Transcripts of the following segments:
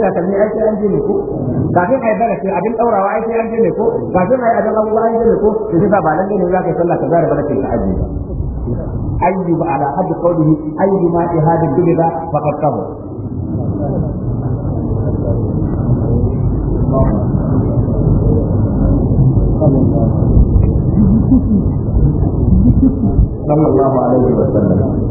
takalmi ai sai an je ne ko ai bara sai abin daurawa ai sai an je ne ko kafin ai abin abubuwa ai ne ko sai ba lalle ne za ka sallah ka zara bara sai ka aje ayyuba ala hadd qawlihi ayyuma ihadu bidda faqad kabu صلى الله عليه وسلم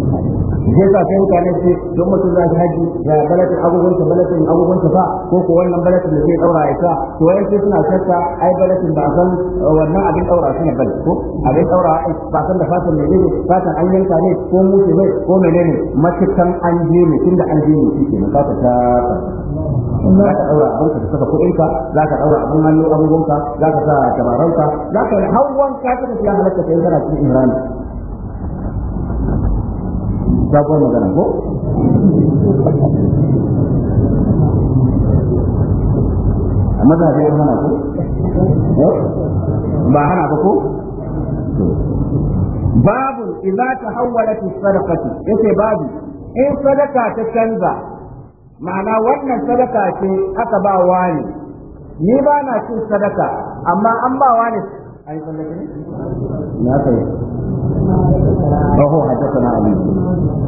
zai sa sai mutane su don mutum za shi haji ya balatin agogonsa balatin agogonsa fa ko ko wannan balatin da zai daura ya sa to wai sai suna shakka ai balatin ba san eh, wannan abin daura suna bal ko abin daura eh, ba san da fatan ne ne fatan an yanka ne ko mutu ne ko menene matukan an je ne tunda an je ne shi ke ka ta za ka daura abin ka saka kuɗin ka za ka daura abin hannu abubuwan za ka sa tabaranka za ka hawan ka ta tafiya halatta kai kana cikin ihrami sabon magana ko a mazhabin ya hana ko ba hana ba ko babu idza tahawwalat as-sadaqatu yace babu in sadaka ta canza ma'ana wannan sadaka ce aka ba wani ni ba na cin sadaka amma an ba wani أي فلكني؟ ما وهو حدثنا علي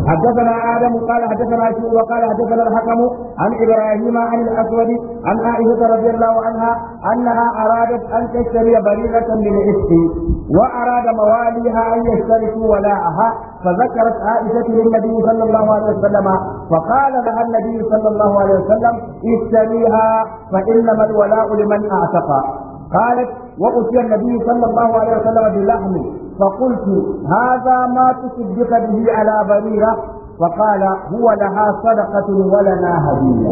حدثنا آدم قال حدثنا شعوب قال حدثنا الحكم عن إبراهيم عن الأسود عن عائشة رضي الله عنها أنها أرادت أن تشتري بريدة من إفك وأراد مواليها أن يشتركوا ولاءها فذكرت عائشة للنبي صلى الله عليه وسلم فقال لها النبي صلى الله عليه وسلم اشتريها فإنما الولاء لمن أعتقى قالت وأتي النبي صلى الله عليه وسلم بلحم فقلت هذا ما تصدق به على بريرة فقال هو لها صدقة ولنا هدية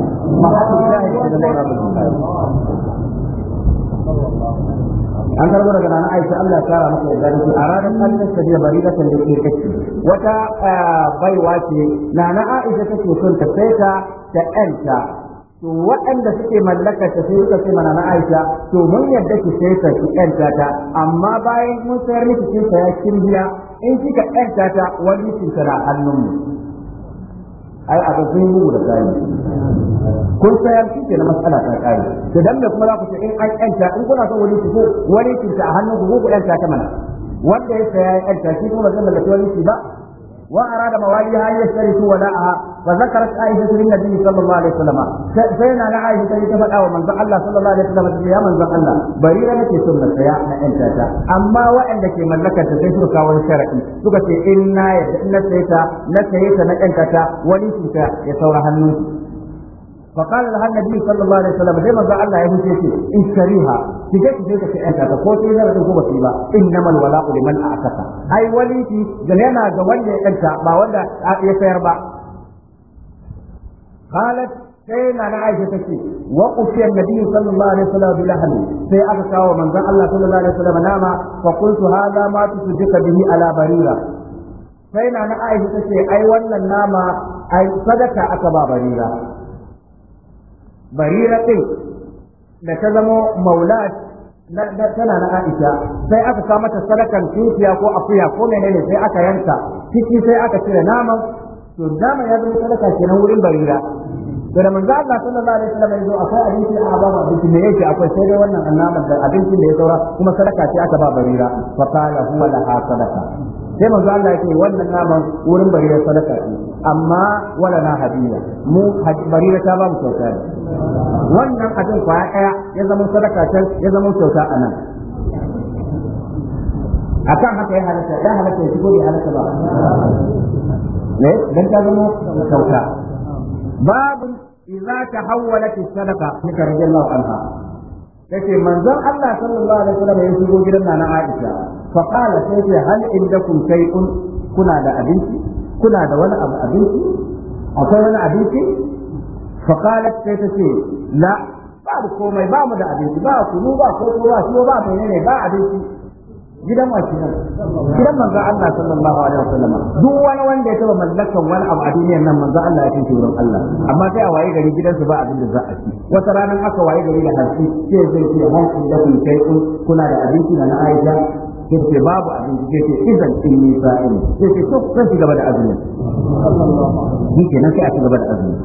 an karbo daga nan Aisha Allah ya kara masa yarda da a ranar Allah ta da barida ta yake kace wata baiwa ce nana Aisha take son ta sai ta ta ƴanta to waɗanda suke mallaka ta sai suka ce mana na Aisha to mun yadda ki sai ta ki ƴanta ta amma bayan mun sayar miki kin saya kin biya in kika ƴanta ta wani kin na hannun mu ai abin sun yi bugu da kayan kun sayar shi ke na matsala ta kare to dan da kuma za ku ce in an ƴanta in kuna son wani ki wani kin a hannun ku ku ƴanta ta mana wanda ya saya ya ƴanta shi kuma zai mallaki wani ki ba وأراد مواليها أن يشتركوا ولاءها فذكرت عائشة للنبي صلى الله عليه وسلم سينا على عائشة تفقى ومن زق الله صلى الله عليه وسلم يا من زق الله بريرة نكي سنة يا أنت أما وعندك من لك تسيسرك والشركي سكت إنا نسيت نسيت نسيت نسيت ونسيت يسورها النسيت فقال لها النبي صلى الله عليه وسلم زي ما قال الله يهو شيء اشتريها تجي تجي تجي انت تقول شيء لا تقول بسيبا انما الولاء لمن اعتق اي وليتي جنينا جوان انت ما ولا يسير با قالت سينا انا عايشه تشي وقفي النبي صلى الله عليه وسلم بلحم سي اكا ومن الله صلى الله عليه وسلم نام فقلت هذا ما تصدق به على بريره سينا انا عايشه تشي اي ولا نام ai sadaka aka ba barira barira ɗin da ta zama Maulat na tana na Aisha sai aka sa mata sadakan tukiya ko akuya ko menene sai aka yanka ciki sai aka cire naman to dama ya zama sadaka kenan wurin barira to da manzo Allah sallallahu alaihi wasallam yazo akwai abinci a babu abinci ne yake akwai sai dai wannan annaban da abincin da ya saura kuma sadaka ce aka ba barira fa qala huwa laha sadaka sai manzo Allah yake wannan naman wurin bari sadaka ne amma wala na hadiya mu barira ta ba mu kyauta ne wannan abin kwaya daya ya zama sadaka can ya zama kyauta anan akan haka ya halatta ya halatta ya shigo bai halatta ba ne dan ta zama kyauta babu idza tahawwalat as-sadaqa nika radiyallahu anha yace manzon Allah sallallahu alaihi wasallam ya shigo gidan nana Aisha فقال سيد هل عندكم شيء كنا shay'un kuna da abinci kuna da wani abu abinci akwai wani abinci fa qalat sai la babu komai ba da abinci ba kunu ba ko ba ba abinci gidan wasu nan gidan manzo Allah sallallahu alaihi wasallam duk wani wanda ya taba mallakan wani abu a duniyar nan manzo Allah ya kai wurin Allah amma sai a waye gari gidansu ba abin da za a ci wata ranar aka waye gari da hanci sai zai ce hanci da kun kai kuna da abinci na Aisha yace babu abinci yace idan in yi sa'in yace to sai ki gaba da azumi shi ke nan sai a ci gaba da azumi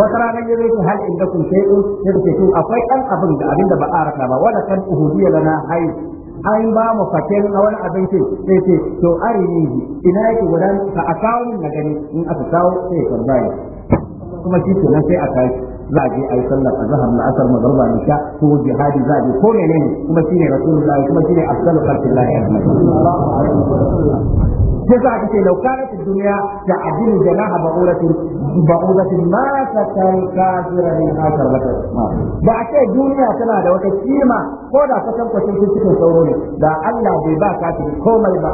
wata ranar yanzu yake hal inda kun sai in sai ce to akwai kan abin da abin da ba a rasa ba wala kan uhudiya lana hay an ba mu fakin a wani abinci sai ce to ji ina yake gudan ka a kawo min na gani in aka kawo sai ya karba kuma shi ke nan sai a kawo za a je a yi sallar a zahar na asar mazarba ko jihadi za a je ko ne kuma shine rasulun lahi kuma shine afsalu farkin lahi a jihadi. Sai za a kace lau ta duniya da abin da na haɓa ƙoratun ba ƙoratun ma ta kan kafira ne na Ba a ce duniya tana da wata kima ko da kasan kwashin cikin sauro ne da Allah bai ba kafin komai ba.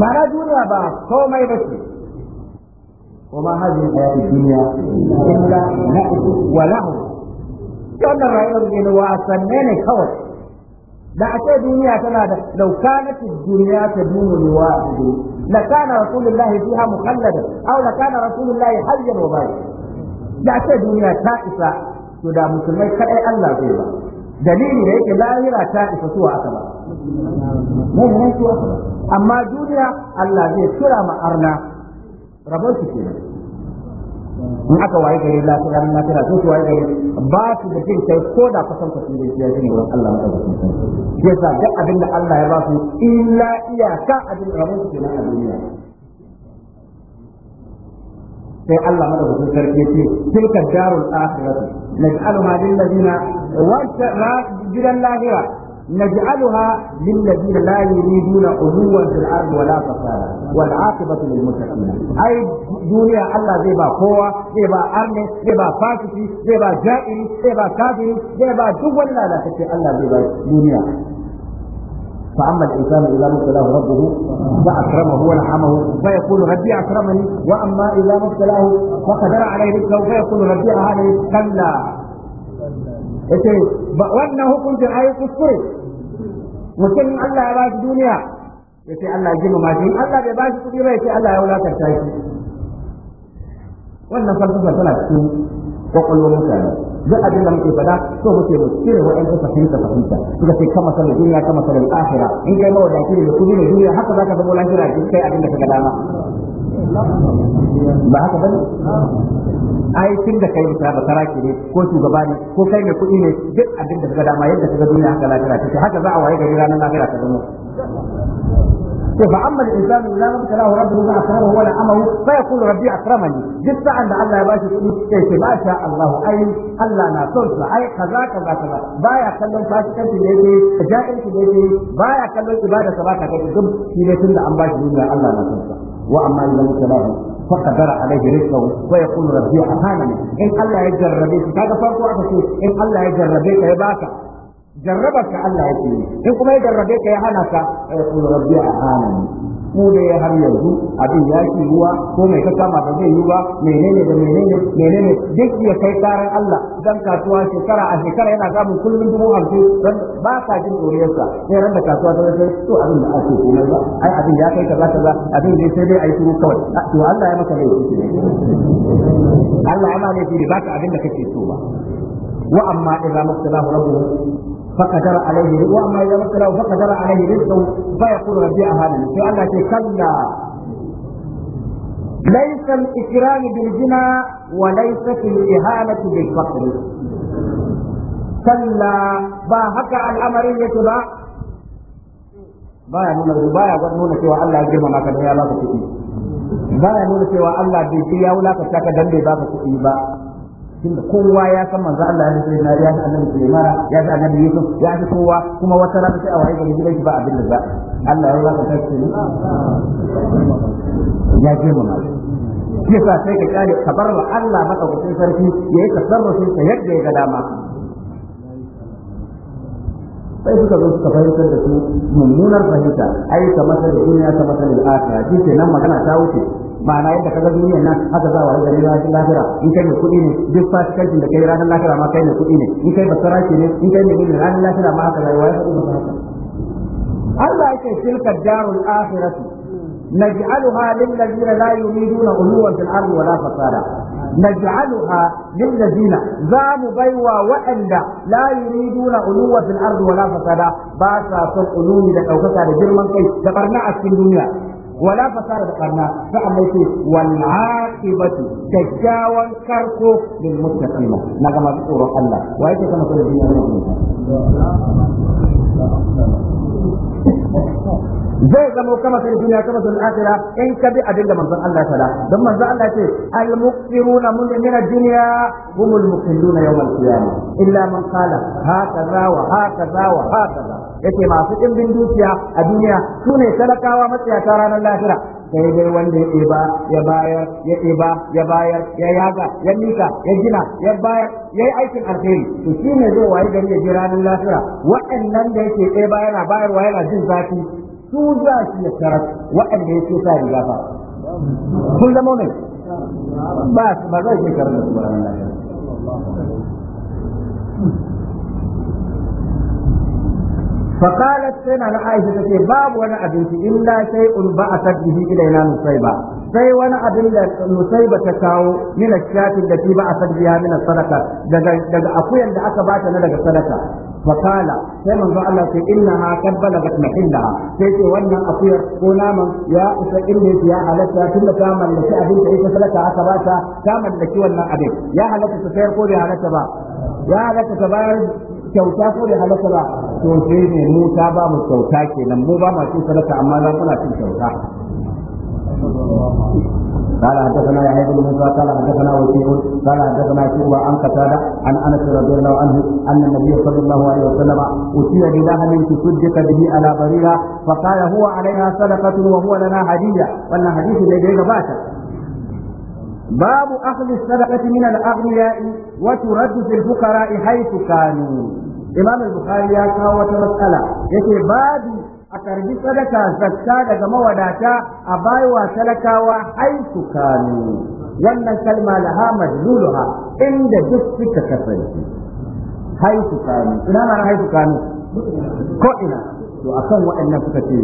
Mara duniya ba komai ba ce. وما هذه الحياة الدنيا إلا لعب ولهو كان رأينا من واسنين خوف لعب الدنيا تنادى لو كانت الدنيا تدوم لواحد لكان رسول الله فيها مخلدا أو لكان رسول الله حيا وبارك لعب الدنيا تائسة تدا مسلمين كأي الله فيها دليل ليك لا يرى تائسة سوى أكبر من هي سوى أما الدنيا الله يسرى ما أرنا ربوش كده in aka waye gari lafiya na lafiya sun waye gari ba su da jin kai ko da kusan kusan da ya ji ne wurin Allah madaukakin sarki yasa duk abin da Allah ya ba su illa iyaka abin da su kenan a duniya sai Allah madaukakin sarki ce tilka darul akhirati naj'aluha lil ladina wa gidan lahira نجعلها للذين لا يريدون علوا في الارض ولا فسادا والعاقبه للمتقين اي دنيا الله زي با كوا زي با ارني زي با فاسقي زي با جائر زي با كافر زي با duk wannan da kace Allah zai ba duniya فأما الإنسان إذا ما ابتلاه ربه فأكرمه ونعمه فيقول ربي أكرمني وأما إذا ما ابتلاه فقدر عليه رزقه فيقول ربي أهاني كلا yace wannan hukuncin ayi kuskure mutum Allah ya ba shi duniya ya ce Allah ya girmama shi Allah bai ba shi kuɗi ba ya ce Allah ya ta shi wannan falsafa tana cikin kwakwalwar mutane duk abin da muke fada so muke mu cire wa'ansu fahimta fahimta suka ce kama sanin duniya kama sanin akhira in kai da ne da kuɗi ne duniya haka zaka zama lahira in kai abin da ka ga dama ba haka bane ai tun da kai mutum ba ne ko shugaba ne ko kai mai kuɗi ne duk abin da kaga dama yadda kaga duniya haka lafiya take haka za a waye gari ranar lafiya ta zama ko fa amma da idan la mutalahu rabbuhu ma asrahu wala amahu fa yaqulu rabbi akramani duk sa'an da Allah ya bashi kudi sai ce masha Allah ai Allah na son sa ai kaza kaza kaza baya kallon fasikanci da yake ja'in ki da yake baya kallon ibada sa baka kai duk shi ne tunda an bashi duniya Allah na son sa واما اذا ابتلاه فقدر عليه رزقه ويقول ربي اهانني ان الله ربيك هذا فرق واحد ان الله يجربك يباك jarrabar ka Allah yake yi in kuma ya jarrabe ka ya hana ka qul rabbi ahanani mu da ya har yanzu abin ya ki ruwa ko mai ka kama da zai yi ba menene da menene menene duk ya kai karan Allah dan kasuwa shekara a shekara yana samun kullum dubu hamsin ba ka jin doriyarsa sai ran da kasuwa ta zai to abin da ake komai ba ai abin ya kai kaza kaza abin dai sai dai ai turu kawai to Allah ya maka laifi Allah ya ma ne ba ka abin da kake so ba wa amma idza mabtalahu rabbuhu فقدر عليه وأما إذا مثله فقدر عليه رزقه فيقول ربي أهانني في الله كلا ليس الإكرام بالجنى وليست الإهانة بالفقر كلا باهك الأمرية لا baya nuna baya nuna cewa Allah ya girmama ka da ya baka kuɗi baya nuna cewa Allah bai ya wulaka ka dan bai baka kuɗi ba tunda kowa ya san manzo Allah ya sai na ya san annabi Sulaiman ya san annabi Yusuf ya san kowa kuma wata rana sai a waye gari gidan shi ba abin da za Allah ya raka kai ne ya ce mu yasa sai ka kare ka bar wa Allah madaukakin sarki ya yi tasarrufin ta yadda ya ga dama sai suka zo suka fahimtar da su mummunar fahimta ai kamar da duniya kamar da akhirah shi nan magana ta wuce ma'ana yadda ga duniyar nan haka za a yi gari ranar lahira in kai mai kuɗi ne duk fasikancin da kai ranar lahira ma kai mai kuɗi ne in kai basaraki ne in kai mai kuɗi ne ranar lahira ma haka rayuwa ya faɗi maka haka Allah yake tilka darul akhirati naj'alha lil ladina la yuriduna uluwan fil ardi wala fasada naj'alha lil ladina za mu baiwa wa'anda la yuriduna uluwan fil ardi wala fasada ba sa son ulumi da daukaka da girman kai da barna a cikin duniya wala fasara da karna sa'an mai ce wal aqibatu kyakkyawan karko lil muttaqin na ga masu tsoron Allah wa yake sama da duniya ne zai zama kama sai duniya kama sai akhira in ka bi da manzon Allah ya faɗa dan manzon Allah ce al muqsiruna mun min ad dunya humul muqilluna yawm al qiyamah illa man qala hakaza wa hakaza wa hakaza yake masu ɗimbin dukiya a duniya sune talakawa matsiyata ranar lahira sai dai wanda ya eba, ya bayar ya ɗeba ya bayar ya yaga ya mika ya gina ya bayar ya yi aikin alheri to shi ne zai wayi gari ya ji ranar lafiya waɗannan da yake ɗeba yana bayarwa yana jin zafi su za su ya tarar waɗanda ya ce sa riga ba sun zama ne ba ba zai je da su ranar lafiya فقالت سنة عائشة تسي باب وانا أبنتي إلا شيء بعثت به إلينا نصيبة سي وانا أبن نصيبة تكاو من الشاة التي بعثت بها من الصدقة دقا أقويا دقا باتنا دقا صدقة فقال سيما فعلا في إنها قد بلغت محلها سيتي وانا أقويا قناما يا إسرائيل يا حالتها كل كامل لكي أبنت إيسا صدقة أكباتها كامل لكي وانا أبنت يا حالتها تسير قولي حالتها با يا حالتها تبارد kyauta ko da halaka ba to sai ne mu ta ba mu kyauta kenan mu ba ma cin sadaka amma za na cin kyauta قال حدثنا يحيى بن موسى قال حدثنا وكيع قال حدثنا شعبة عن قتادة عن أنس رضي الله عنه أن النبي صلى الله عليه وسلم اتي بلحم تصدق به على بريرة فقال هو علينا صدقة وهو لنا هدية وان حديث لديه باشا باب أخذ الصدقة من الأغنياء وترد في Buhari ya كانوا wata matsala. Ya ce babu باب a karbi sadaka zakka daga mawadata a baiwa talakawa haisu kanu wannan kalma laha majluluha inda duk suka kasance haisu kanu ina ma haisu kanu ko ina to akan waɗannan suka ce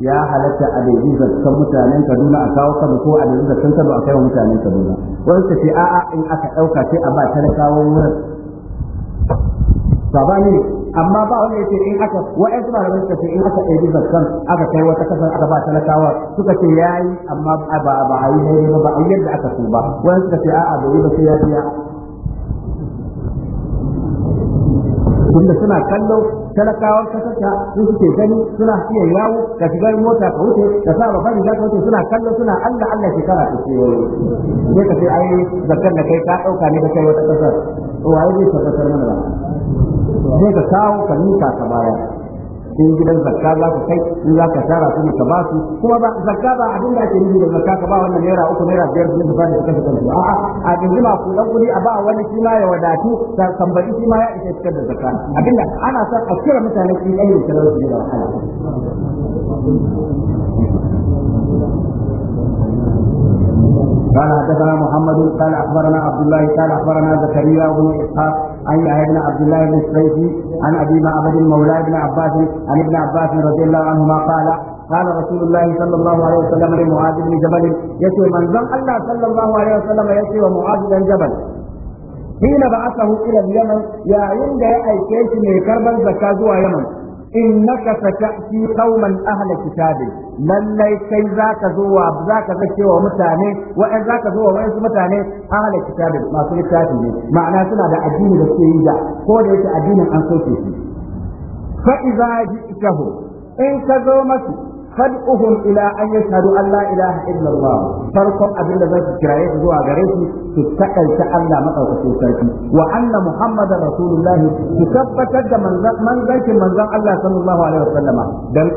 ya halatta a daidai zartan mutanen Kaduna a kawo Kano ko a daidai zartan Kano a kai mutanen Kaduna wani ta ce a'a in aka ɗauka ce a ba talakawan wurin sabani ne amma ba ya ce in aka wa'ai su malamai suka ce in aka ɗebi kan aka kai wata kasar aka ba ta talakawa suka ce ya yi amma ba a yi daidai ba ba a yadda aka so ba wani suka ce a'a bai yi ba sai ya biya tunda suna kallo talakawan kasar ta su suke gani suna iya yawo ka shiga mota ka wuce ka sa babban za ka wuce suna kallo suna Allah Allah shekara ta ce sai ka ce ai zakar da kai ka dauka ne ka kai wata kasar to ne zai tabbatar mana ba sai ka kawo ka ka baya in gidan zakka za ku kai in za ka tara kuma ka ba su kuma ba zakka ba abin da ake nufi da zakka ka ba wannan naira uku naira biyar su ka bani ka kashe su a a ma ku dan kudi a ba wani shi ma ya wadatu ta tambayi shi ma ya isa cikin da zakka abin da ana son a kira mutane su yi da talauci da wahala قال حدثنا محمد قال اخبرنا عبد الله قال اخبرنا زكريا بن اسحاق عن يحيى بن عبد الله بن السيفي عن ابي معبد مولى بن عباس عن ابن عباس رضي الله عنهما قال قال رسول الله صلى الله عليه وسلم لمعاذ بن جبل يسوى من ذم الله صلى الله عليه وسلم يسوى معاذ بن جبل حين بعثه الى اليمن يا عند ايكيش من كربل زكاه يمن انك ستاتي قوما اهل كتاب lallai kai ka zo wa za ka zace wa mutane za ka zo wa wa'ansu mutane ahli masu littafi ne ma'ana suna da addini da suke yi da ko da yake addinin an soke shi fa idza ji'tahu in ka zo masu uhun ila an yashhadu Allah la ilaha illallah farkon abin da zai kiraye su zuwa gare su su takaice Allah madaukakin sarki wa anna muhammadar rasulullahi su tabbatar da manzancin manzon Allah sallallahu alaihi wasallam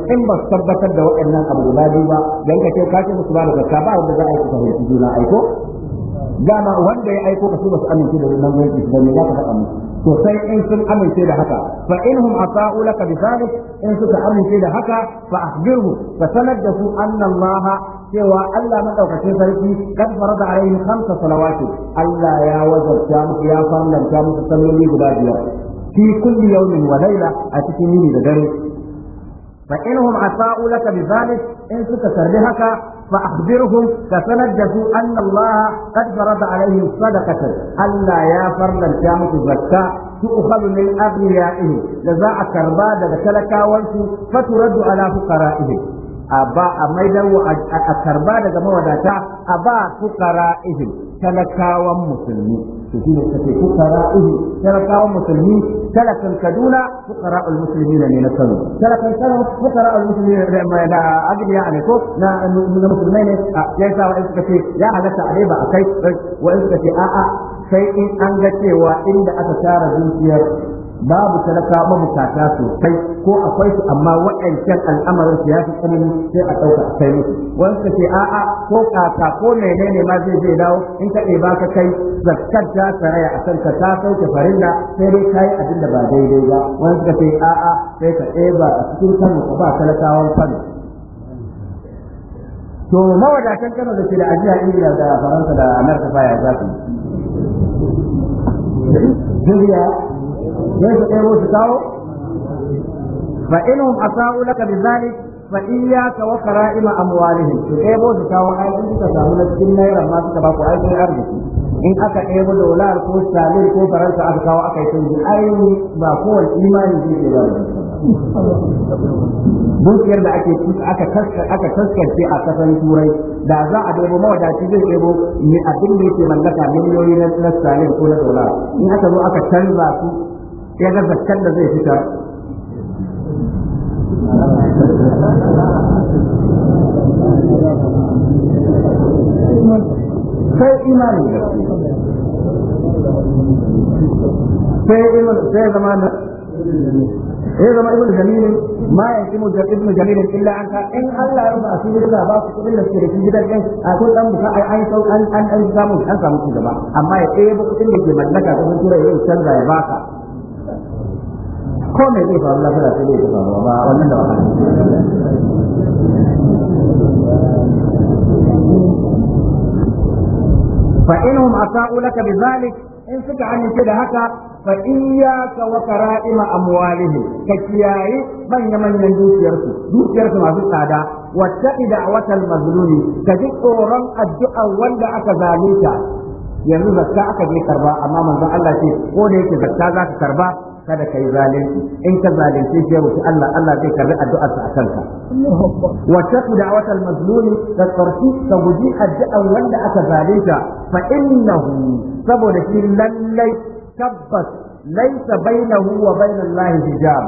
in ba su tabbatar da waɗannan abu ba dan ka ce ka ce musu ba da zakka ba wanda za a yi ku fahimci juna aiko dama wanda ya aiko ka su ba su za ka musu to sai in sun amince da haka fa inhum asa'u laka bi in suka amince da haka fa akhbirhu fa sanad da su anna Allah cewa Allah madaukakin sarki kad farada alaihim khamsa salawati Allah ya wajabta musu ya farlanta musu salloli guda biyar fi kulli yawmin wa layla a cikin yini da dare fa inhum asa'u laka bizalik in suka karbi haka fa akhbirhum ka sanar da su anna Allah qad farada alaihim sadaqatan Allah ya farlanta musu zakka تؤخذ من أغنيائهم لذا أكربا دغ تلكاوانسو فترد على فقرائهم a ba a maidar a karba daga mawadata a ba fukara ihim talakawan musulmi to shi ne kace fukara ihim talakawan musulmi talakan kaduna fukara al-musulmi ne na kano talakan kano fukara al-musulmi ne na agbiya ne ko na musulmai ne a yayin sawa in suka ce ya halatta a ba a kai wa in suka ce a'a sai in an ga cewa inda aka tara dukiyar babu talaka mabukata sosai ko akwai su amma waɗancan al'amarin su ya fi tsanani sai a ɗauka a kai musu wani ka ce a'a ko kaka ko ne ma zai zai dawo in ka ɗeba ka kai zakkar ta saraya a ka ta sauke farilla sai dai kayi abin da ba daidai ba wani ka ce a'a sai ka ɗeba a cikin kanu ka ba talakawan kanu to mawadatan kano da ke da ajiya ingila da faransa da amurka baya za su ne su ɗebo su kawo fa inhum asa'u laka bizalik fa iyyaka wa qara'ima amwalihim su ɗebo su kawo ai in suka samu na cikin naira ma suka ba ku ai sun arziki in aka ɗebo dolar ko salir ko faransa aka kawo aka yi canji ai ba kowane imani zai ke ba dukiyar da ake aka aka taskance a kasan turai da za a debo mawadaci zai debo ne abin da yake mallaka miliyoyi na salim ko na dolar. in aka zo aka canza su ya ga zakkan da zai fita. sai imani sai sai zama ya zama ibn jamil ma ya kimu da ibn jamil illa an ka in Allah ya ba su da ba su kudin da suke gidan kai akwai dan musa ai ai sau an an an samu an samu gaba amma ya ɗebo kudin da ke mallaka ko tura ya canza ya baka ko mai zai faru lafiya sai dai ta ba wannan da wahala fa inhum asa'u laka bizalik in suka amince da haka fa iyyaka wa kara'ima amwalihi ka kiyaye manya manyan dukiyarsu dukiyarsu masu tsada wattaqi da'watal mazlumi ka ji tsoron addu'a wanda aka zalunta yanzu zakka aka je karba amma manzon Allah ce ko da yake zakka zaka karba kada yi zalunci in ka zalunce shi yau Allah Allah zai karbi addu'ar sa akan ka wa taku da'watal mazlumi ka karfi ka guji addu'an wanda aka zalunta fa innahu saboda shi lallai tabbas laisa bainahu wa bainallahi hijab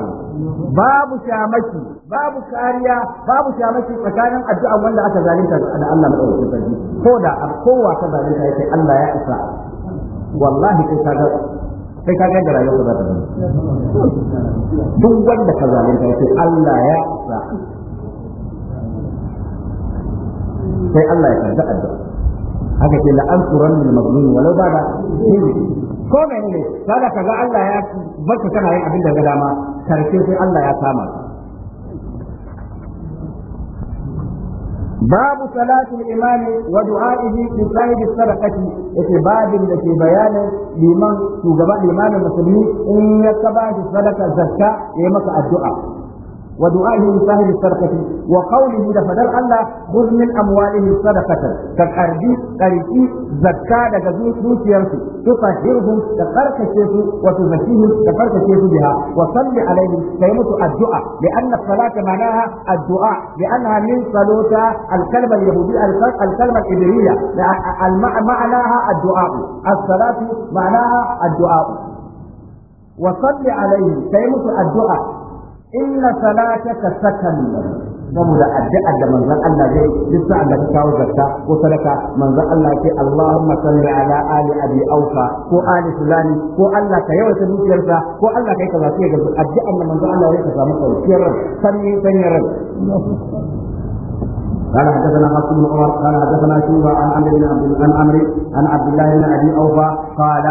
babu shamaki babu kariya babu shamaki tsakanin addu'an wanda aka zalunta da Allah madaukakin sarki ko da kowa ka zalunta yake Allah ya isa wallahi kai sai ka ga rayuwarka za ta zama duk wanda ka zalunta sai Allah ya sa sai Allah ya karɓi addu'a haka ce la'ansuran lil mazlum walau ba da ko ne? menene kaga kaga Allah ya baka kana yin abin da ga dama karshe sai Allah ya kama ka باب صلاة الإمام ودعائه بصاحب الصدقة يتي باب التي بيان لمن شغباء الإمام المسلمين إن يتبع الصدقة زكاة يمك الدعاء ودعائه لصاحب الصدقة وقوله لفدر الله خذ من أموالهم صدقة كالأرض كالتي زكاة كذوت يرسل تطهرهم كفرك الشيخ وتزكيهم كفرك الشيخ بها وصل عليهم كلمة الدعاء لأن الصلاة معناها الدعاء لأنها من صلوة الكلمة اليهودية الكلمة الإبرية معناها الدعاء الصلاة معناها الدعاء وصل عليهم كلمة الدعاء inna salataka sakan saboda addu'a da manzon Allah zai duk sa'an da ka kawo zakka ko sadaka manzon Allah ya ke Allahumma salli ala ali abi aufa ko ali fulani ko Allah ka yawaita dukiyarsa ko Allah kai kaza sai ga addu'a da manzon Allah zai ka samu kwanciyar ran sanyi sanyin ran قال حدثنا حفص بن عمر قال حدثنا شوبه عن عمرو بن عبد عن عمرو عن عبد الله بن ابي اوفى قال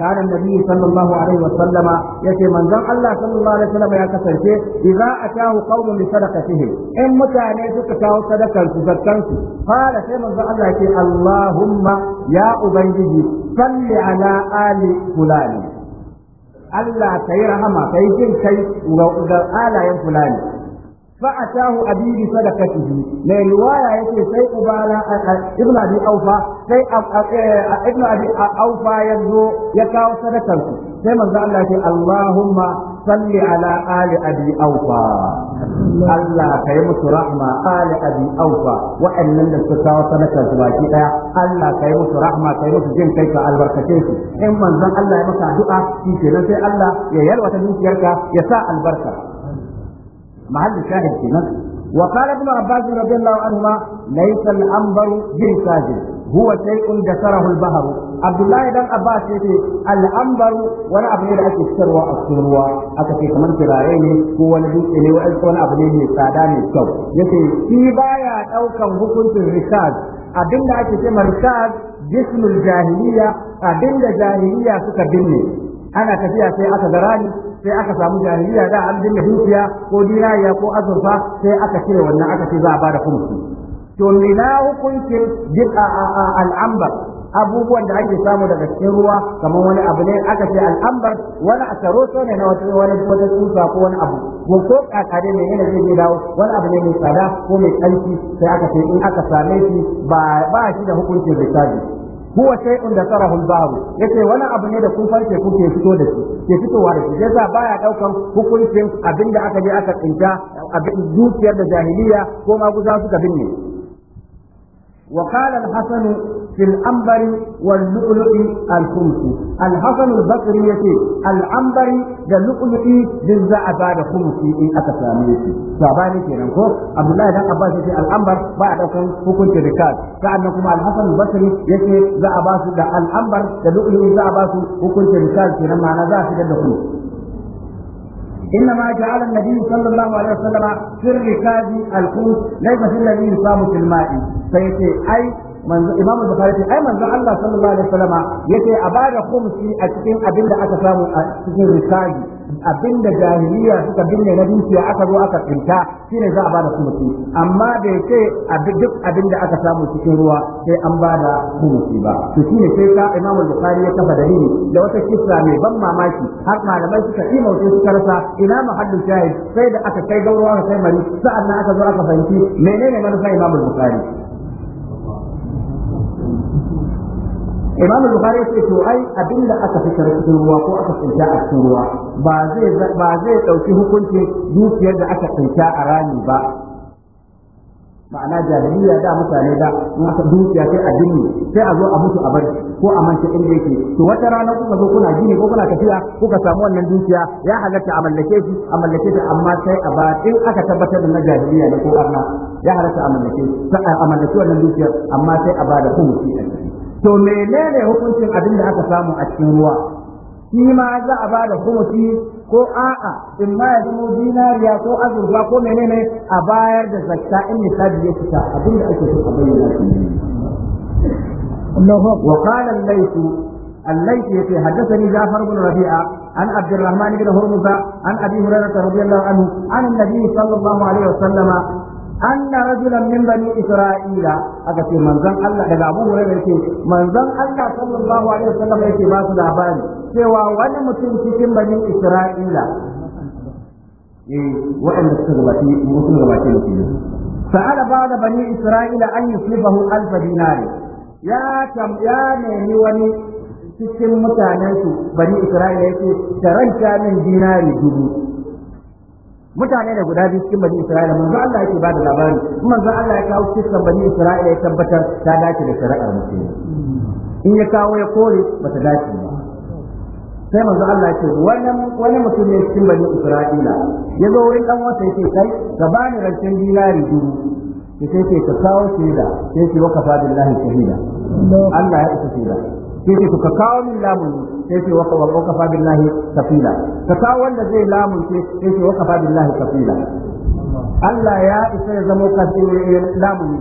كان النبي صلى الله عليه وسلم يتي من ذن الله صلى الله عليه وسلم يا كسنتي إذا أتاه قوم بصدقتهم إن متعني سكتاه صدقا سكتنك قال في من ذن الله يتي اللهم يا أبنجي صل على آل فلان Allah ka yi rahama ka yi jin kai ga alayen fulani فأتاه أبي بصدقته من رواية يتي سي أبانا ابن أبي أوفى سي ابن أبي أوفى يبدو يكاو صدقته سي من ذا الله اللهم صل على آل أبي أوفى الله كيمت رحمة آل أبي أوفى وإن من استكاو صدقته باكي الله كيمت رحمة كيمت جن كيف البركتين إن من ذا الله يمسع دعا في سنة الله يلوى تنسيرك يساء البركة محل الشاهد في نفسه وقال ابن عباس رضي الله عنهما ليس الأنبر بالساجد هو شيء ذكره البحر عبد الله بن عباس يتي الانبر وانا ابن da ake fitarwa a cikin ruwa aka ce kamar kirare ne ko wani dutse ne wani abu ne mai tsada mai kyau yace shi baya ɗaukan hukuncin rikaz abin da ake cewa rikaz jismul jahiliya abin da jahiliya suka binne ana tafiya sai aka ga rani sai aka samu jahiliya da an dinga dukiya ko dinariya ko azurfa sai aka cire wannan aka ce za a bada kuma. to na hukuncin duk al'ambar abubuwan da ake samu daga cikin ruwa kamar wani abu ne aka ce al'ambar wani a ne na wata wani wata tsufa ko wani abu ko ko kakare ne yana zai dawo wani abu ne mai tsada ko mai kanci sai aka ce in aka same shi ba ba shi da hukuncin risabi huwa shay'un da sarahu al-bahr yace wani abu ne da kun teku ke fito da shi ke fitowa da shi yasa baya daukan hukuncin abinda aka je aka tsinta abin dukiyar da jahiliya ko maguza suka binne وقال الحسن في الأنبر واللؤلؤ الخمس الحسن البصري يتي الأنبر واللؤلؤ للزعبان خمس إن أتسامي يتي فأباني كيرانكو عبد الله بن عباس يتي الأنبر بعد كان حكم تركات كأنكم الحسن البصري يتي زعباس الأنبر واللؤلؤ زعباس حكم تركات كيران معنا ذا في إنما جعل النبي صلى الله عليه وسلم في الركاب الخوف ليس في الذي يصاب في الماء فيتي أي manzo imamu bukhari ce ai manzo Allah sallallahu alaihi wasallama yace a bada khumsi a cikin abin da aka samu a cikin risali Abinda jahiliya suka binne na dukiya aka zo aka tsinta shine za a bada kumusi amma ya ce duk abin da aka samu cikin ruwa sai an ba da kumusi ba to shine sai ka Imam Bukhari ya kafa dalili da wata kissa mai ban mamaki har malamai suka yi mauce suka rasa ina mahallin shahid sai da aka kai gaurawa sai mari sa'an nan aka zo aka fahimci menene manufa Imam Bukhari imam bukhari sai to ai abinda aka fitar cikin ruwa ko aka tsinta a cikin ruwa ba zai ba zai dauki hukunci dukiyar da aka tsinta a rani ba ma'ana jahiliya da mutane da in aka dukiya sai a dinne sai a zo a mutu a bari ko a manta inda yake to wata rana kuka zo kuna gini ko kuna tafiya kuka samu wannan dukiya ya halatta a mallake shi a mallake shi amma sai a ba in aka tabbatar da na jahiliya ne ko arna ya halatta a mallake a mallake wannan dukiya amma sai a ba da kuma a ciki to menene hukuncin abin da aka samu a cikin ruwa shi ma za a ba bada hukunci ko a'a in ma ya zama zinariya ko azurfa ko menene a bayar da zakka in misali ya fita abin da ake fita bayyana shi Allahu wa qala al-layth al-layth yake haddathani Ja'far ibn Rabi'a an Abd Rahman ibn Hurmuza an Abi Hurairah radiyallahu anhu an an-nabi sallallahu alaihi wa sallama anna rajulan min bani isra'ila aka ce manzon Allah daga abu hurai da manzon Allah sallallahu alaihi wasallam yake ba su labari cewa wani mutum cikin bani isra'ila eh wa'anda su ga shi mutum ga da bani isra'ila an yi su bahu alfa dinari ya kam wani cikin mutanen su bani isra'ila yake tarantsa min dinari dubu mutane da guda biyu cikin bani Isra'ila manzo Allah yake bada labari manzo Allah ya kawo cikin bani Isra'ila ya tabbatar ta dace da shari'ar musulmi in ya kawo ya kore ta dace ba sai manzo Allah yake wani wani mutum ne cikin bani Isra'ila ya zo wurin dan wata yake kai ka bani rancen dinari duru sai ke ka kawo shaida sai ce waka kafa billahi shahida Allah ya isa shaida sai ce ka kawo min lamun sai ce waka kafa kafa billahi kafila ka kawo wanda zai lamun ce sai ce waka fa billahi kafila Allah ya isa ya zama kafi lamun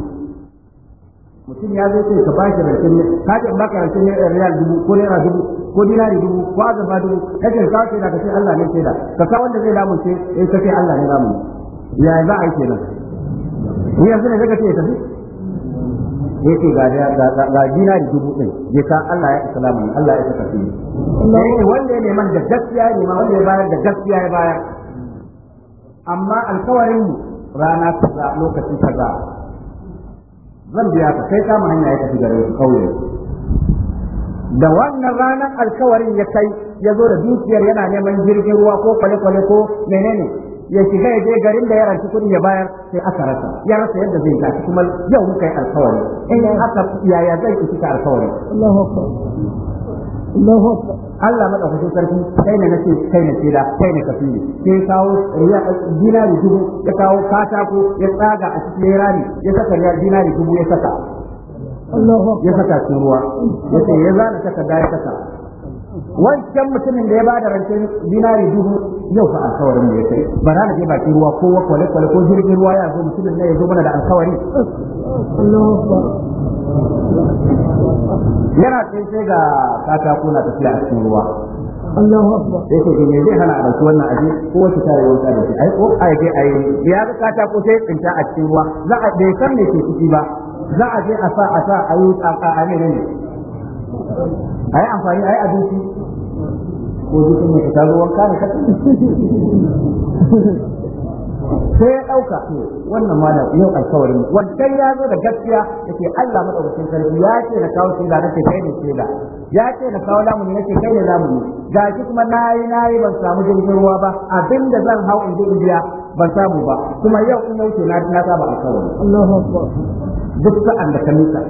mutum ya zai ce ka ba shi rancen ne ka ce ka rancen ne riyal dubu ko naira dubu ko dinari dubu ko azurfa dubu kace ka ce da ka ce Allah ne ce da ka kawo wanda zai lamun ce sai eh, ka ce Allah ne lamun ya za a yi kenan yanzu ne zaka ce tafi ya ce ga ga da dubu din ya san Allah ya isa lamuni Allah ya isa fili wanda ya neman da gaskiya ne ma wanda ya bayar da gaskiya ya bayar amma alkawarin mu rana lokaci ta za zan biya ka kai kama hanya ya tafi gare su kauye da wannan ranar alkawarin ya kai ya zo da dukiyar yana neman jirgin ruwa ko kwale-kwale ko menene ya shiga ya je garin da ya ranci kuɗi ya bayar sai aka rasa ya rasa yadda zai tafi kuma yau muka yi alkawari in haka yaya zai ki ka alkawari Allah madaukakin sarki kai ne nace kai ne kida kai ne kafiri sai kawo dinari dubu ya kawo katako ya tsaga a cikin rani ya saka dinari dubu ya saka ya saka cikin ruwa ya ce ya zana takarda ya saka wancan mutumin da ya ba da rancen dinari dubu yau fa alkawarin da ya kai, ba za je bakin ruwa ko kwale kwale ko jirgin ruwa ya zo mutumin ne ya zo mana da alkawari yana kai sai ga katako na tafiya a cikin ruwa Allahu Akbar sai ko me zai hana a dauki wannan aje ko wata tare wanka da shi ai ko ai je ai ya ga katako sai tsinta a cikin ruwa za a bai san me ke ciki ba za a je a sa a sa a yi a ne ne ai amfani ai abinci ko duk ta wanka ne sai ya ɗauka wannan ma da yau alkawarin wancan ya zo da gaskiya da ke Allah madaukakin sarki ya ce na kawo shi da kai ne da ya ce na kawo lamuni ya ke kai ne lamuni ga shi kuma nayi nayi ban samu jirgin ruwa ba abinda zan hau in je ban samu ba kuma yau in yau na na saba alkawari duk sa'an da ka nisa.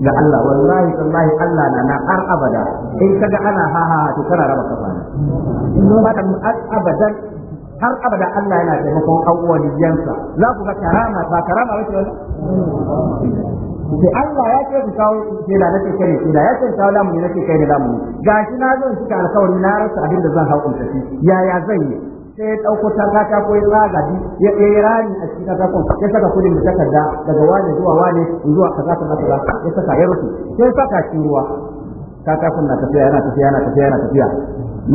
ga Allah wallahi tallahi Allah na na har abada in kaga ana ha ha to kana raba kafa ne ba har abadan har abada Allah yana taimakon awwaliyansa za ku ga karama ba karama wace wannan sai Allah ya ce ku kawo ke da nake kai ke da ya ce kawo mu ne nake kai ne, da lamu gashi na zo shi ka alƙawari na rasa abin da zan hau in tafi yaya zan yi sai ya ɗauko takata ko ya tsaga ya ɗaya rami a cikin katakon ya saka kudin da takarda daga wane zuwa wane zuwa kaza kaza kaza ya saka ya rufe sai ya saka shi ruwa katakon na tafiya yana tafiya yana tafiya yana tafiya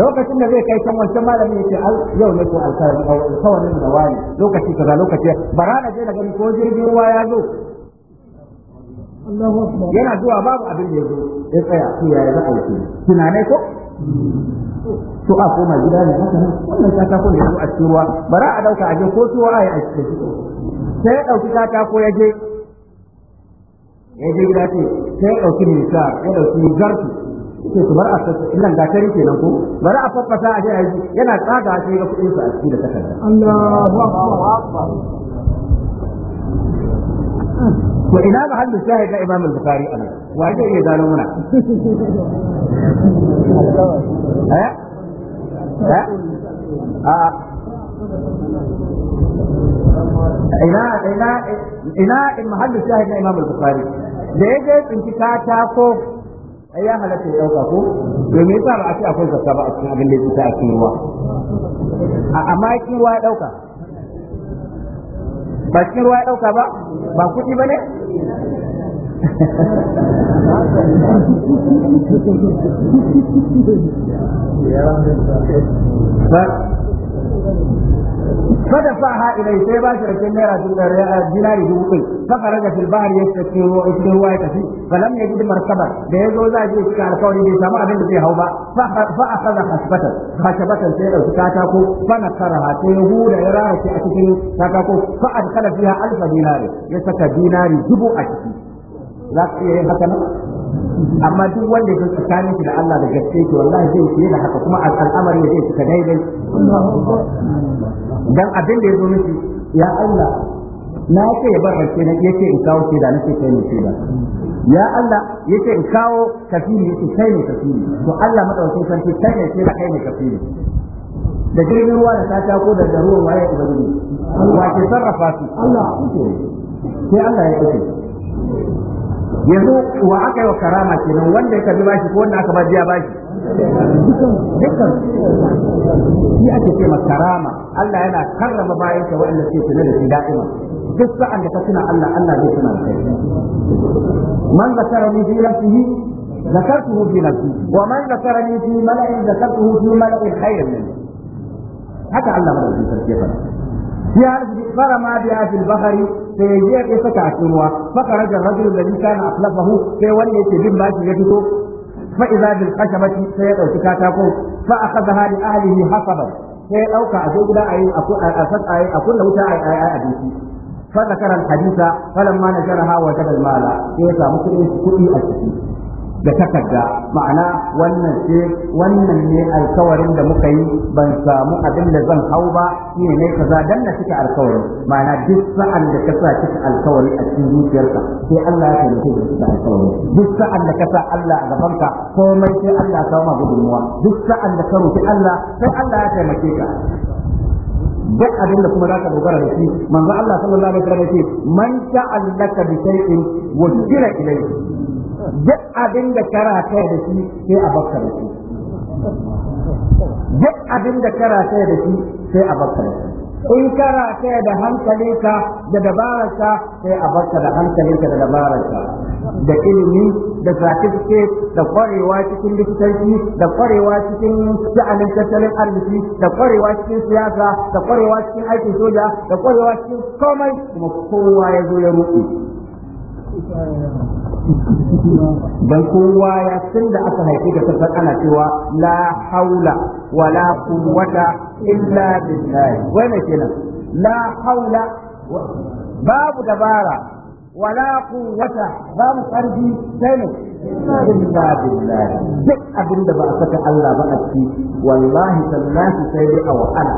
lokacin da zai kai can wancan malamin yace al yau ne ko alkawarin da wani lokaci kaza lokaci bara na je na gani ko jirgin ruwa ya zo yana zuwa babu abin da ya zo ya tsaya su yaya za a yi tunanai ko to a koma gida ne haka nan wannan katako ne a cikin ruwa bara a dauka aje ko tuwa a yi a cikin sai ya dauki katako ya je ya je gida ce sai ya dauki nisa ya dauki zarfi ce su bar a nan gatari kenan ko bari a faffasa a je a yi yana tsaga a cikin kuɗin sa a cikin da takarda Allahu akbar to ina ga haddu shahid na imam bukhari wa zai iya gano muna eh, eh? a ah. ina ina ina in mahallu shahid da yaje katako ya halatta ya dauka ko to me yasa ba a ce akwai zakka ba a cikin abin da yake a cikin ruwa amma cikin ruwa ya ɗauka? ba cikin ruwa ya ɗauka ba ba kuɗi ba ne kada sa ha ila sai ba shi rakin naira eh, dinari dubu kai saka da fil bahar ya tafi ruwa ya tafi balam ne gidi markaba da ya zo za a je cikin alkawari bai samu abin da zai hau ba فأخذ خشبة خشبة سيئة كاتاكو فنكرها تيهود يرارة أتكين كاتاكو فأدخل فيها ألف دينار يسكى دينار جبو أتكين ذاك إيه هكذا amma duk wanda ya tsakanin shi da Allah da gaske ki zai fiye da haka kuma ya zai fita daidai dan abin da ya zo ya na ce ya bar haske na yace in kawo da nake kai ne da ya Allah yace in kawo kafiri ce kai ne kafiri to Allah madaukakin sarki kai ne da kai ne kafiri da jirgin ruwa da katako da da ruwan waye ubangiji wa ke sarrafa su Allah sai Allah ya kace yanzu wa aka yi wa karama kenan wanda ya kabi bashi ko wanda aka ba jiya bashi dukkan shi ake ce karama Allah yana karrama bayansa waɗanda ke tuna da shi da'ima duk sa'an da ka tuna Allah Allah zai tuna da kai man zakara ni fi nafsihi zakartuhu fi nafsi wa man zakara ni fi mala'in zakartuhu fi mala'in khairin min haka Allah madaukakin sarki ya faɗa ya farama biya fil bahari sai ya je ya saka a cikin ruwa fakarajar rajulun da kana aflafahu sai wanda yake bin bashi ya fito fa idza bil sai ya ɗauki katako fa akhadha li ahlihi hasaban sai ya ɗauka a zo gida ayi a kunna wuta ayi ayi abinci fa zakara karan haditha falamma najaraha wa jada al mala sai ya samu kuɗi a ciki da takarda ma'ana wannan ce wannan ne alkawarin da muka yi ban samu abin da zan hau ba shine ne kaza dan na cika alkawari ma'ana duk sa'an da ka sa cika alkawari a cikin zuciyarka sai Allah ya taimake ka cika alkawari duk sa'an da ka sa Allah a gaban ka komai sai Allah ya kawo ma gudunmuwa duk sa'an da ka roki Allah sai Allah ya taimake ka duk abin da kuma zaka dogara da shi manzo Allah sallallahu alaihi wasallam ce man ta'allaka bi shay'in wa ilayhi duk abin da karata da shi sai a bakka da shi duk abin da da shi sai a bakka da shi in taya da hankalinka da dabararka sai a barka da hankalinka da dabararka da ilimi da certificate da kwarewa cikin likitanci da kwarewa cikin sha'anin tattalin arziki da kwarewa cikin siyasa da kwarewa cikin aikin soja da kwarewa cikin komai kuma kowa ya zo ya rufe bai kowa ya tun da aka haife da tabbat ana cewa la haula wala quwwata illa billah wannan kenan la haula babu dabara wala quwwata babu karfi sai ne illa billah duk abin da ba a saka Allah ba a ci wallahi tallahi sai dai a wahala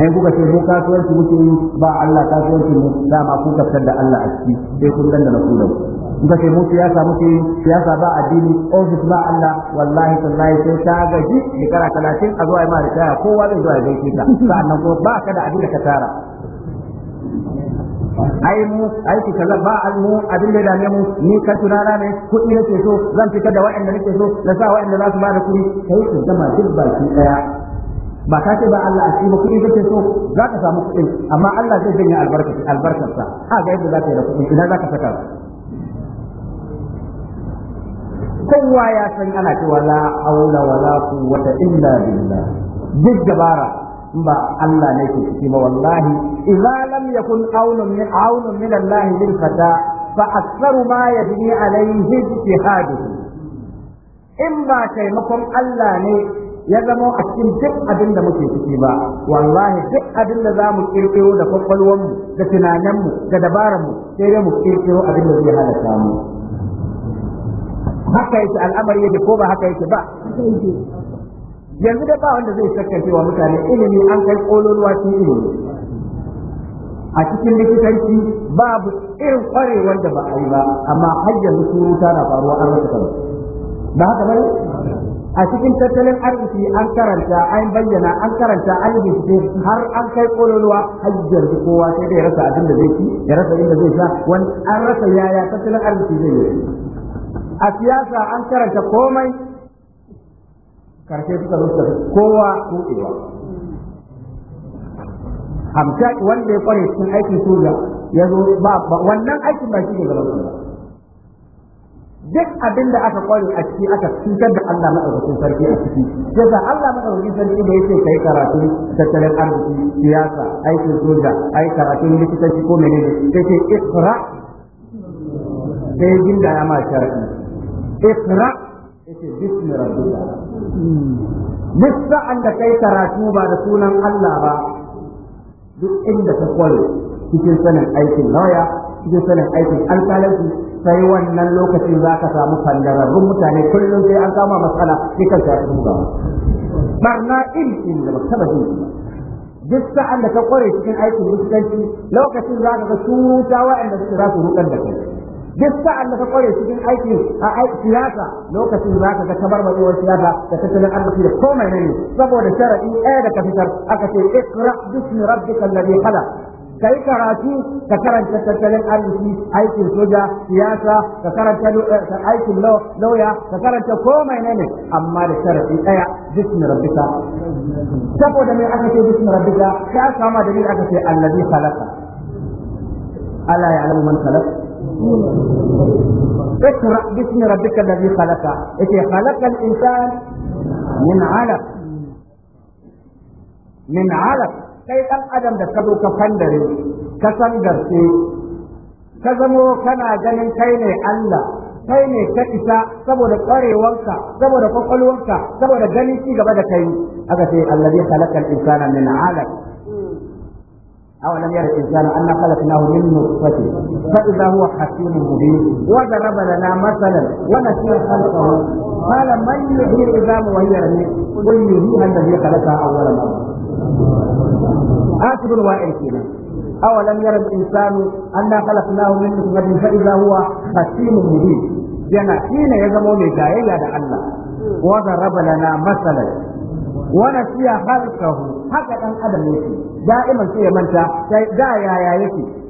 sai kuka ce mu kasuwanci muke yi ba Allah kasuwanci mu dama ku kaftar da Allah a ciki sai kun danda na da kuka ce mu siyasa muke yi siyasa ba addini ofis ba Allah wallahi tallahi sai ta gaji shekara talatin a zuwa ma ritaya kowa zai zuwa gaishe ka sa'annan ko ba ka da abin da ka tara ai mu aiki kaza ba al mu abin da dame mu ni kan tunana ne kuɗi nake so zan fitar da waɗanda nake so na sa waɗanda za su ba da kuɗi kai su zama duk baki daya ba ka ce ba Allah a ba kuɗi kake so za ka samu kuɗin amma Allah zai janye albarkaci albarkarsa a ga yadda za ka yi da kuɗi idan za ka saka kowa ya san ana cewa la haula wala quwwata illa billah duk dabara in ba Allah ne ke ciki ba wallahi idza lam yakun aunun min aunun min Allah lil fata fa aktharu ma yabni alayhi ijtihaduhu in ba taimakon Allah ne ya zama a cikin duk abin da muke ciki ba wallahi duk abin da zamu kirkiro da kwakwalwar mu da tunanin mu da dabarar mu sai dai mu kirkiro abin da zai halaka mu haka yake al'amari yake ko ba haka yake ba yanzu da ba wanda zai shakka wa mutane ilimi an kai kololuwa cikin ilimi a cikin likitanci babu irin kwarewar da ba a yi ba amma har yanzu surutu na faruwa an rasa ba haka bane a cikin tattalin arziki an karanta an bayyana an karanta an yi bincike har an kai kololuwa hajjar da kowa sai dai rasa abin da zai ci ya rasa abin da zai sha wani an rasa yaya tattalin arziki zai yi a siyasa an karanta komai karshe suka rusa kowa kuɗewa hamsha wanda ya kware cikin aikin soja ya zo ba wannan aikin ba shi ne gaban ba duk abin da aka kware a ciki aka cutar da Allah madaukakin sarki a ciki sai za Allah madaukakin sarki da yake kai karatu tattalin arziki siyasa aikin soja ai karatun likitanci ko menene sai ce ikra sai ginda ya ma sharadi ikra yake bismi rabbika duk sa'an da kai karatu ba da sunan Allah ba duk inda ka kware cikin sanin aikin lawyer cikin sanin aikin alƙalanci sai wannan lokacin za ka samu fandararrun mutane kullum sai an kama matsala sai kan shafi buga barna iri iri da matsala zai duk sa'an da ka kware cikin aikin musulunci lokacin za ka ga shuruta wa'anda suke za su rukar da kai duk sa'an da ka kware cikin aikin a siyasa lokacin za ka ga kamar siyasa da tattalin arziki da komai ne saboda sharadi ɗaya da ka fitar aka ce ikra bismi rabbikal ladhi khalaq kai karatu ka karanta tattalin arziki aikin soja siyasa ka karanta aikin lauya ka karanta komai ne ne amma da sharafi daya jismin rabbika saboda mai aka ce jismin rabbika ka kama da aka ce allazi khalaqa ala ya'lamu man khalaqa اقرأ باسم ربك الذي خلق خلق الإنسان من علق من علق kai ɗan adam da ka zo ka fandare ka san garse ka zamo kana ganin kai ne Allah kai ne ka isa saboda kwarewanka saboda kwakwalwanka saboda ganin ci gaba da kai aka ce allazi khalaqal insana min 'alaq أولم ير الإنسان أنا خلقناه من نطفة فإذا هو حكيم مبين وضرب لنا مثلا ونسي خلقه قال من يحيي العظام وهي رميم قل يحييها الذي خلقها أول مرة آخر الوائل كنا أولم يرى الإنسان أنا خلقناه من نطفة فإذا هو خسيم مبين جنا حين يزمو zama mai الله وضرب لنا مثلا ونسي خلقه masalan أدم nasiya دائما haka dan adam yake da'iman sai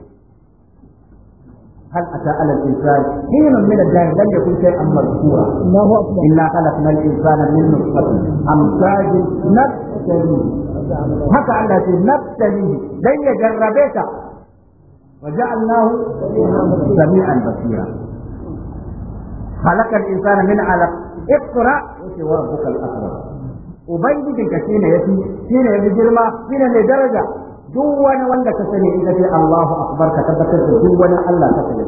هل أتى على الإنسان حين من الدهر لم يكن شيئا مذكورا إنا خلقنا الإنسان من نطفة أمساج نفسه haka Allah ce nabtalihi dan ya jarrabe ka وجعلناه سميعا بصيرا خلق الانسان من علق اقرا وربك الاكرم ubangijinka shi ne yafi shi ne yafi girma shi ne mai daraja duk wani wanda ka sani in ka Allahu akbar ka tabbatar da duk wani Allah ka sani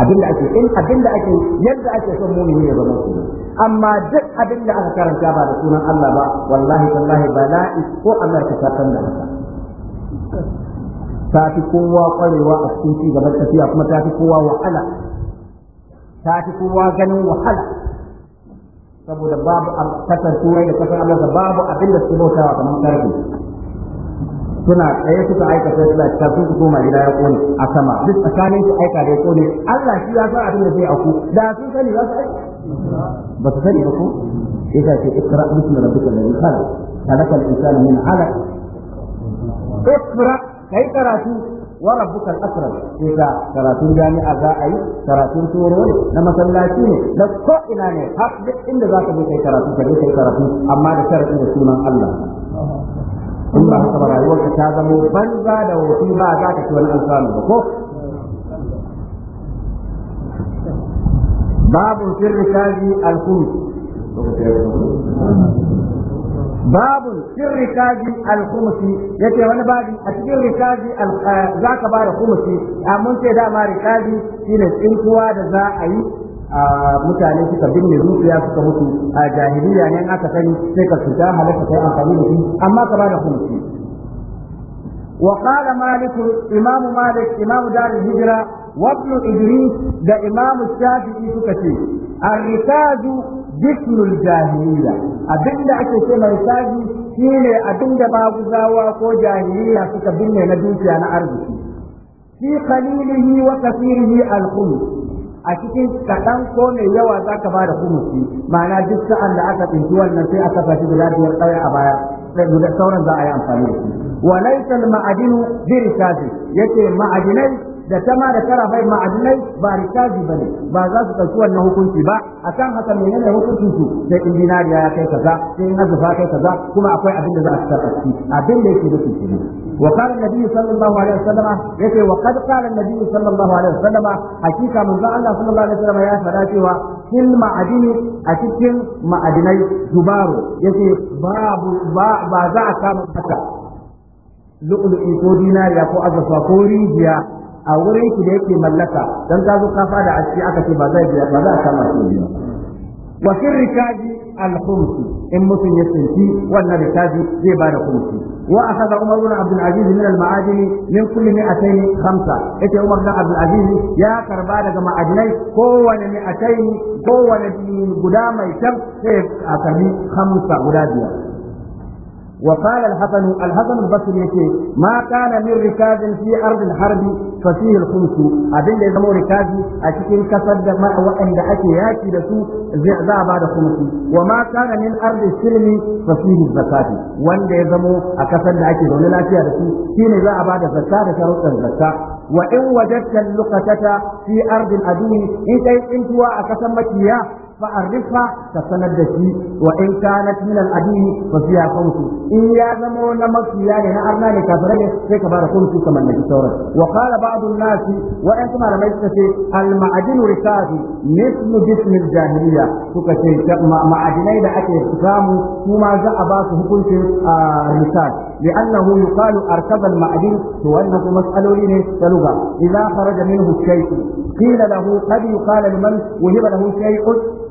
abinda ake in abinda ake yadda ake son mumini ya zama kenan amma duk abin da aka karanta ba da sunan Allah ba wallahi wallahi bala'i ko Allah ta san da haka ta fi kowa kwarewa a cikin ci gaban tafiya kuma ta fi kowa wahala ta fi kowa ganin wahala saboda babu kasar turai da kasar amurka babu abin da su bautawa kamar karfi suna tsaye suka aikata sai suna ta sun su koma gida ya kone a sama duk tsakanin su aika da ya kone Allah shi ya san abin da zai aku da sun sani za su aika ba su sani ba ko yasa ce ikra bismi rabbika alladhi khalaq khalaqa al-insana min 'alaq ikra kai karatu wa rabbuka al-akram yasa karatun jami'a za a yi karatun tsoro ne na masallaci ne na ko ina ne har duk inda za ka je kai karatu ka je kai karatu amma da sharadin da sunan Allah in ba haka ba rayuwarka ta zama banza da wofi ba za ka ci wani alfanu ba ko babu sirri kaji alkhums babu sirri kaji alkhumsi yace wani babu a cikin rikaji zaka ba da khumsi amma sai dama rikaji shine tsinkuwa da za a yi mutane suka binne zuciya suka mutu a jahiliya ne aka sani sai ka cuta halatta kai amfani da shi amma ka bada hukunci وقال مالك إمام مالك إمام دار الهجرة وابن إدريس ده إمام الشافعي سكتي الركاز جسم الجاهلية أبن ده أكي ركاز شيني أبن ده بابو زاوا كو جاهلية سكبن ندوسي أنا أرضي في قليله وكثيره الخمس a cikin kaɗan ko mai yawa za ka bada kumusi ma'ana duk sa'an da aka tsinci wannan sai aka fashi guda biyar ɗaya a baya sauran za a yi amfani da shi wa maadinu bi rikazi yace ma'adinai da tama da karafai ma'adinai ba rikazi bane ba za su ɗauki wannan hukunci ba akan haka menene hukuncin su sai in dinariya ya kai kaza sai in azufa kai kaza kuma akwai abin da za a fitar a ciki abin da yake da shi وقال النبي صلى الله عليه وسلم يقول وقد قال النبي صلى الله عليه وسلم حقيقة من ذا الله صلى الله عليه وسلم يا فراتيوا في المعدن أتكن معدني جبار يقول باب باب ذا كام حتى لؤلؤي ko dinariya ko azurfa ko rijiya a wurin ki da yake mallaka dan ka zo ka fada a ciki wa fi rikabi in mutum ya tsinci wannan rikabi zai bada khumsi wa akhadha umar ibn abd al-aziz min al-ma'adin hamsa, kulli mi'atayn khamsa yace umar ibn abd al-aziz ya karba daga ma'adinai kowane mi'atayn kowane guda mai tan sai a karbi hamsa guda biyar وقال الحسن الحسن البصري يكي ما كان من ركاز في أرض الحرب ففيه الخمس أبين لي زمو ركازي أشكين كسد ما وأن دعك ياكي لسو زعزع بعد خمس وما كان من أرض السلم ففيه الزكاة وأن لي زمو أكسد دعك دون لا فيها لسو كين زع بعد الزكاة شرط الزكاة وإن وجدت اللقطة في أرض الأدوي إن كنت أكسمت إياه fa'arrifa ka sanar da shi wa in kanat min al-adini fa fiha khumsu in ya zamo na makiya ne na arna ne ka fara sai ka fara khumsu kamar da sauran wa qala ba'd an-nas wa in kuma mai suka ce al maadinu rikazi mislu jism al-jahiliya suka ce ma'adinai da ake samu kuma za a ba su hukuncin rikazi لأنه يقال أركب المعدن وأنه مسألة كلغة إذا خرج منه الشيء قيل له قد يقال لمن وهب له شيء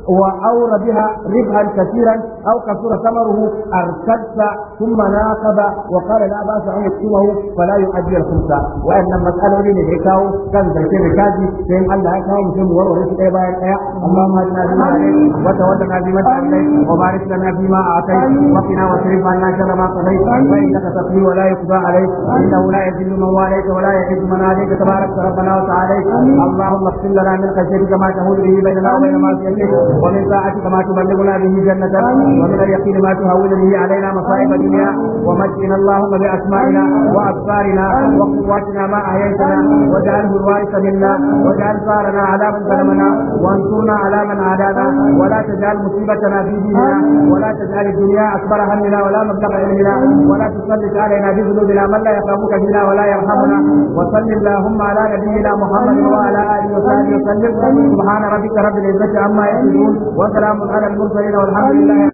وأور بها ربحا كثيرا أو كثر ثمره أرتدت ثم ناقب وقال لا بأس أن يكتبه فلا يؤدي الخمسة وأن مسألة لي نهيكاو كان ذلك الركاز فإن أن هكاو مسلم ورورس أي باية اللهم أجنا بما عليك وتوتنا بما عليك وبارك لنا فيما أعطيت وقنا واصرف عنا شر ما قضيت فإنك تقضي ولا يقضى عليك إنه لا يذل من واليك ولا يحب من عليك تبارك ربنا وتعالى اللهم اغفر لنا من خشيتك ما تهون به بيننا وبين معصيتك ومن طاعتك ما تبلغنا به جنتك ومن اليقين ما تهون به علينا مصائب الدنيا ومتنا اللهم بأسمائنا وأبصارنا وقواتنا ما أحييتنا واجعله الوارث منا واجعل صارنا على من ظلمنا وانصرنا على من عادانا ولا تجعل مصيبتنا في ديننا ولا تجعل الدنيا أكبر همنا ولا مبلغ علمنا ولا تسلط علينا بذنوبنا من لا يخافك بنا ولا يرحمنا وصل اللهم على نبينا محمد وعلى آله وصحبه وسلم سبحان ربك رب العزة عما يصفون وسلام على المرسلين والحمد لله